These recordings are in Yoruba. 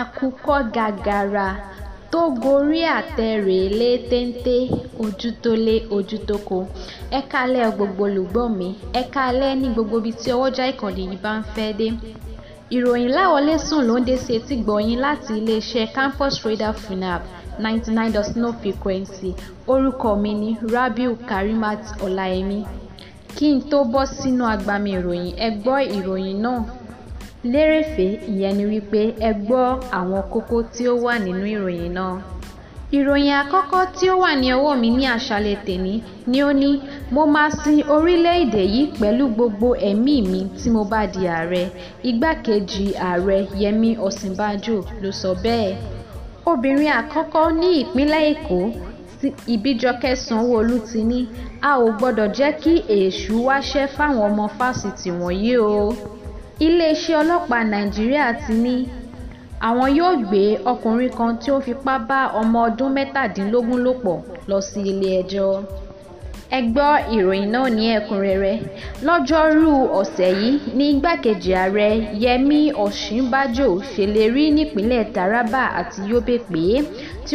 àkùkọ gàgàrà tó gorí àtẹ rèé lé téńté ojú tó lé ojú tó ko ẹ kálẹ́ gbogbo olùgbọ́ mi ẹ kálẹ́ ní gbogbo ibi tí ọwọ́jà ìkànnì yìí bá ń fẹ́ dé ìròyìn láwọlé sùn ló ń dé sí etí gbọ̀nyìn láti iléeṣẹ́ campus radar funab ninety nine dot no frequency orúkọ mi ni rabiu karimat ọláyẹmí kí n tó bọ́ sínú agbami ìròyìn ẹ gbọ́ ìròyìn náà lérèfé ìyẹn ni wípé ẹ gbọ́ àwọn kókó tí ó wà nínú ìròyìn náà. ìròyìn àkọ́kọ́ tí ó wà ní ọwọ́ mi ní àṣálẹ́ tèmi ni ó ní mo máa sin orílẹ̀-èdè yìí pẹ̀lú gbogbo ẹ̀mí mi tí mo bá di ààrẹ igbákejì ààrẹ Yẹmí Ọ̀sínbàjò ló sọ bẹ́ẹ̀. obìnrin àkọ́kọ́ ní ìpínlẹ̀ Èkó Ìbíjọkẹ́ Sanwó-Olú ti ní a ò gbọ́dọ̀ jẹ́ kí èṣù wáṣẹ́ fáwọn ọmọ fásitì wọ̀nyí o iléeṣẹ́ ọlọ́pàá nàìjíríà ti ní àwọn yóò gbé ọkùnrin kan tí ó fipá bá ọmọ ọdún mẹ́tàdínlógún lò pọ̀ lọ sí ilé-ẹjọ́ ẹ gbọ́ ìròyìn náà ní ẹ̀kúnrẹ́rẹ́ lọ́jọ́rú ọ̀sẹ̀ yìí ní igbákejì ààrẹ yẹmi ọ̀ṣínbàjò ṣèlérí nípínlẹ̀ taraba àti yobe pé tí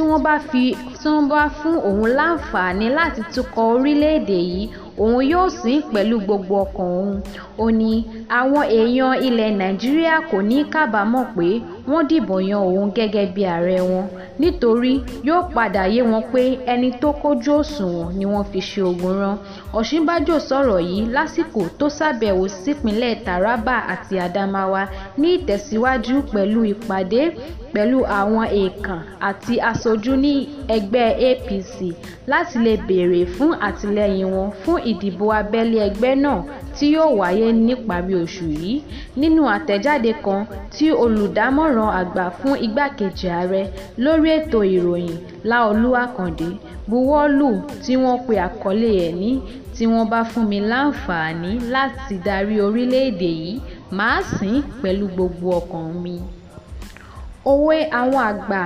wọ́n bá fún òun láǹfààní láti tukọ̀ orílẹ̀-èdè yìí òun yóò sìn pẹ̀lú gbogbo ọkàn òun ó ní àwọn èèyàn ilẹ̀ nàìjíríà kò ní kábàámọ̀ pé wọ́n dìbò yan òun gẹ́gẹ́ bí ààrẹ wọn nítorí yóò padà yé wọn pé ẹni tó kójú òṣùwọ̀n ni wọ́n fi ṣe ogun rán ọ̀ṣínbàjò sọ̀rọ̀ yìí lásìkò tó ṣàbẹ̀wò sípínlẹ̀ taraba àti adamawa ní ìtẹ̀síwájú pẹ̀lú ìpàdé pẹ̀lú àwọn èèkàn àti aṣojú ní ẹgbẹ́ APC láti lè béèrè fún àtìlẹ́yìn wọn fún ìdìbò abẹ́lé ẹgbẹ́ náà tí yóò wáyé níparí oṣù yìí nínú àtẹ̀jáde kan tí olùdámọ̀ràn àgbà fún igbákejì ààrẹ lórí ètò ìròyìn láolú àkàndé buwọ́lù tí wọ́n pe àkọlé ẹ̀ ní tí wọ́n bá fún mi láǹfààní láti darí orílẹ̀-èdè yìí màá sìn ín pẹ̀lú gbogbo ọkàn mi. Òwe àwọn àgbà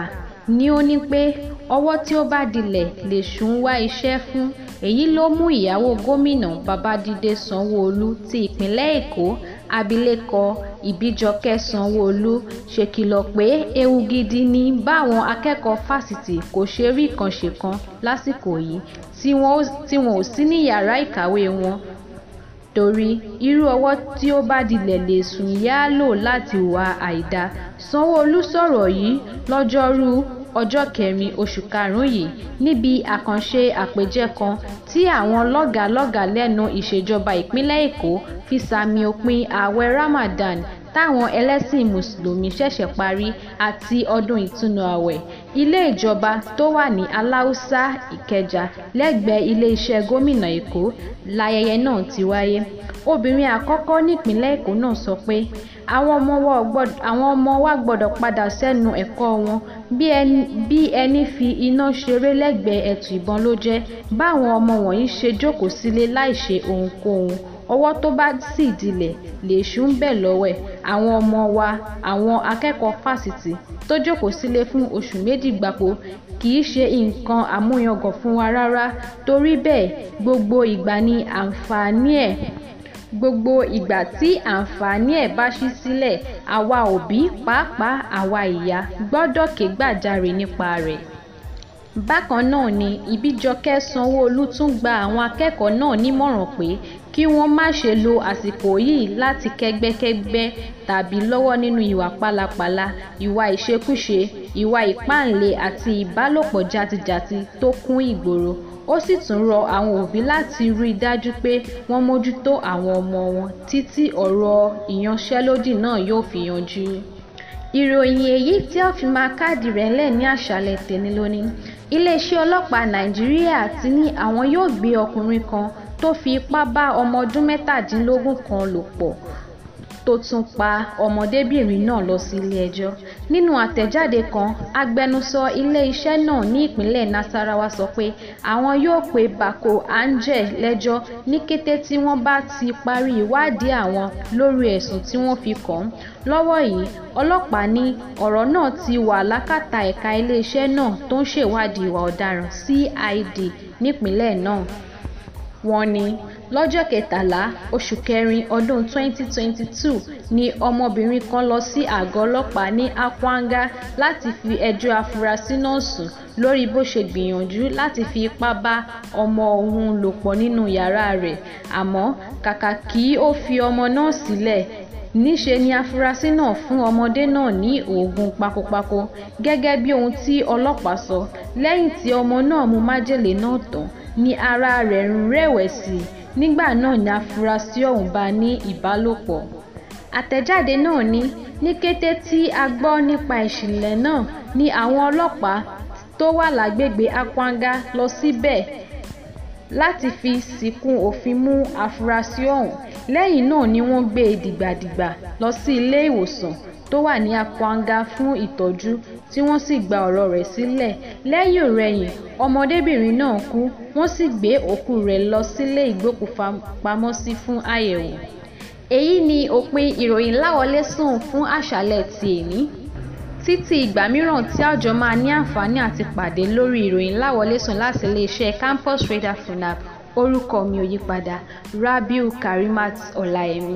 ni ó ní pé ọwọ́ tí ó bá dilẹ̀ lèṣù ń wá iṣẹ́ fún èyí ló mú ìyàwó gómìnà babájídé sanwóolu ti ìpínlẹ̀ èkó abilékọ ìbíjọkẹ́ sanwóolu ṣèkìlọ̀ pé ewu gidi ni báwọn akẹ́kọ̀ọ́ fásitì kò ṣe rí ìkànṣe kan lásìkò yìí tí wọn ò sí ní yàrá ìkàwé wọn torí irú ọwọ́ tí ó bá dilẹ̀ lèṣù yáá lò láti hùwà àìdáa sanwó-olu sọ̀rọ̀ yìí lojoruu ọjọ́ kẹrin oṣù karùn-ún yìí níbi àkànṣe àpèjẹ kan tí àwọn lọ́gàálọ́gàá lẹ́nu ìṣèjọba ìpínlẹ̀ èkó fi sàmì òpin ààwẹ̀ ramadan táwọn ẹlẹ́sìn mùsùlùmí ṣẹ̀ṣẹ̀ parí àti ọdún ìtúnu ààwẹ̀ ilé ìjọba tó wà ní aláùsá ìkẹjà lẹ́gbẹ̀ẹ́ iléeṣẹ́ gómìnà èkó láyẹyẹ náà ti wáyé obìnrin àkọ́kọ́ nípìnlẹ̀ èkó náà sọ pé àwọn ọmọ wa gbọ́dọ̀ padà sẹ́nu ẹ̀kọ́ wọn bí ẹni fi iná ṣeré lẹ́gbẹ̀ẹ́ ẹ̀tù ìbọn ló jẹ́ báwọn ọmọ wọ̀nyí ṣe jókòó sílé láì ṣe ohunkóhun ọwọ́ tó bá sì dilẹ̀ lèṣù ń bẹ̀ lọ́wẹ̀ àwọn ọmọ wa àwọn akẹ́kọ̀ọ́ fásitì tó jókòó sílé fún oṣù méjì gbáko kì í ṣe nǹkan àmúyangàn fún wa rárá torí bẹ́ẹ̀ gbogbo ìgbà ni àǹfààní ẹ̀ gbogbo ìgbà tí àǹfààní ẹ̀ bá ṣí sílẹ̀ àwa òbí pàápàá àwa ìyá gbọ́dọ̀ kégbàjarè nípa rẹ̀ bákan náà ni ìbíjọkẹ́ sanwó-olu tún gba àwọn akẹ́kọ̀ọ́ náà nímọ̀ràn pé kí wọ́n má ṣe lo àsìkò yìí láti kẹ́gbẹ́kẹ́gbẹ́ tàbí lọ́wọ́ nínú ìwà pálapàla ìwà ìṣekúṣe ìwà ìpáǹle àti ìbálòpọ̀ játijàti tó kún ìgboro ó sì tún rọ àwọn òbí láti rí i dájú pé wọ́n mójútó àwọn ọmọ wọn títí ọ̀rọ̀ ìyanṣẹ́lódì náà yóò fi yanjú ìròyìn èyí tí a fi máa káàdì rẹ̀ ńlẹ̀ ní àṣálẹ́ tèmi lónìí iléeṣẹ́ ọlọ́pàá nàìjíríà ti ní àwọn yóò gbé ọkùnrin kan tó fi ipá bá ọmọ ọdún mẹ́tàdínlógún kan lò pọ̀ tó tún pa ọmọdébìnrin náà lọ sí ilé-ẹjọ́ nínú àtẹ̀jáde kan agbẹnusọ ilé-iṣẹ́ náà ní ìpínlẹ̀ nasarawa sọ pé àwọn yóò pe bako angel lẹ́jọ́ ní kété tí wọ́n bá ti parí ìwádìí àwọn lórí ẹ̀sùn tí wọ́n fi kàn án lọ́wọ́ yìí ọlọ́pàá ní ọ̀rọ̀ náà ti wà lákàtà ẹ̀ka iléeṣẹ́ náà tó ń ṣèwádìí ìwà ọ̀daràn CID nípínlẹ̀ náà wọ́n ní lọ́jọ́ kẹtàlá oṣù kẹrin ọdún 2022 ni ọmọbìnrin kan lọ sí àgọ́ ọlọ́pàá ní akwanga láti fi ẹjọ́ afurasí náà sùn lórí bó ṣe gbìyànjú láti fi ipá bá ọmọ òun lò pọ̀ nínú yàrá rẹ̀ àmọ́ kàkà kí ó fi ọmọ náà sílẹ̀ níṣe ni afurasí náà fún ọmọdé náà ní oògùn pakopako gẹ́gẹ́ bí ohun tí ọlọ́pàá sọ lẹ́yìn tí ọmọ náà mu májèlé náà tán ni ara rẹ̀ ń rẹ̀wẹ̀sì nígbà náà ni afurasí ọ̀hún bá ní ìbálòpọ̀ àtẹ̀jáde náà ní ní kété tí a gbọ́ nípa ìṣẹ̀lẹ̀ náà ni àwọn ọlọ́pàá tó wà lágbègbè akwanga lọ síbẹ̀ láti fi síkùn òfin mú àfúrásì ọ̀hún lẹ́yìn náà ni wọ́n gbé e dìgbàdìgbà lọ sí ilé ìwòsàn tó wà ní akwanga fún ìtọ́jú tí wọ́n sì gba ọ̀rọ̀ rẹ̀ sílẹ̀ lẹ́yìn òrẹyìn ọmọdébìnrin náà kú wọ́n sì gbé òkú rẹ̀ lọ sílé ìgbókùúpamọ́sí fún àyẹ̀wò. èyí ni òpin ìròyìn láwọlé sùn fún àṣálẹ́ ti títí ìgbà mìíràn tí àjọ máa ní àǹfààní àti pàdé lórí ìròyìn láwọlésùn láti iléeṣẹ́ campus radar funab orúkọ mi ò yípadà rabiu karimat ọláyẹmí